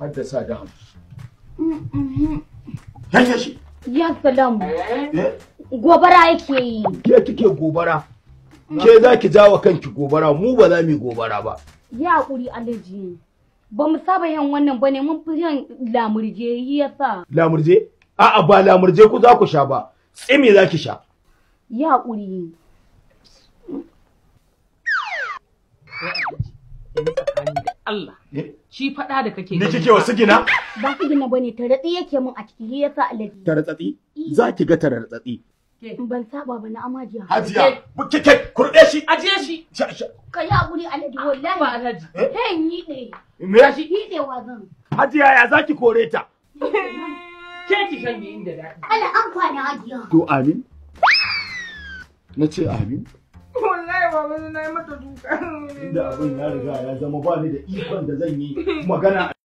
Har da sa dam. shi. Ya salam. Eh? Gobara yake yi. Ke kike gobara. Ke za ki jawo kanki gobara mu ba za mu yi gobara ba. Ya hakuri alaji. Ba mu saba yin wannan ba ne mun fi yin lamurje yi yasa. Lamurje? A'a ba lamurje ku za ku sha ba. Tsimi za ki sha. Ya hakuri. Allah. Eh? Shi faɗa da kake gani. Ni kike wasu gina? Ba su gina bane taratsi yake mun a ciki shi yasa alaji. Taratsi? Za ki ga taratsi. Ban saba ba na amajiya. Hajiya, kike kurɗe shi. Ajiye shi. Ka yi haƙuri alaji wallahi. Ba alaji. Eh? Hen yi ɗe. Me? Ka shi yi ɗe wa zan. Hajiya ya za ki kore ta. Ke ki shanye inda daɗi. Ala an kwana hajiya. To amin. Na ce amin. wallahi na yi mata duka. Inda abin ya riga ya zama ba ni da ikon da zan yi magana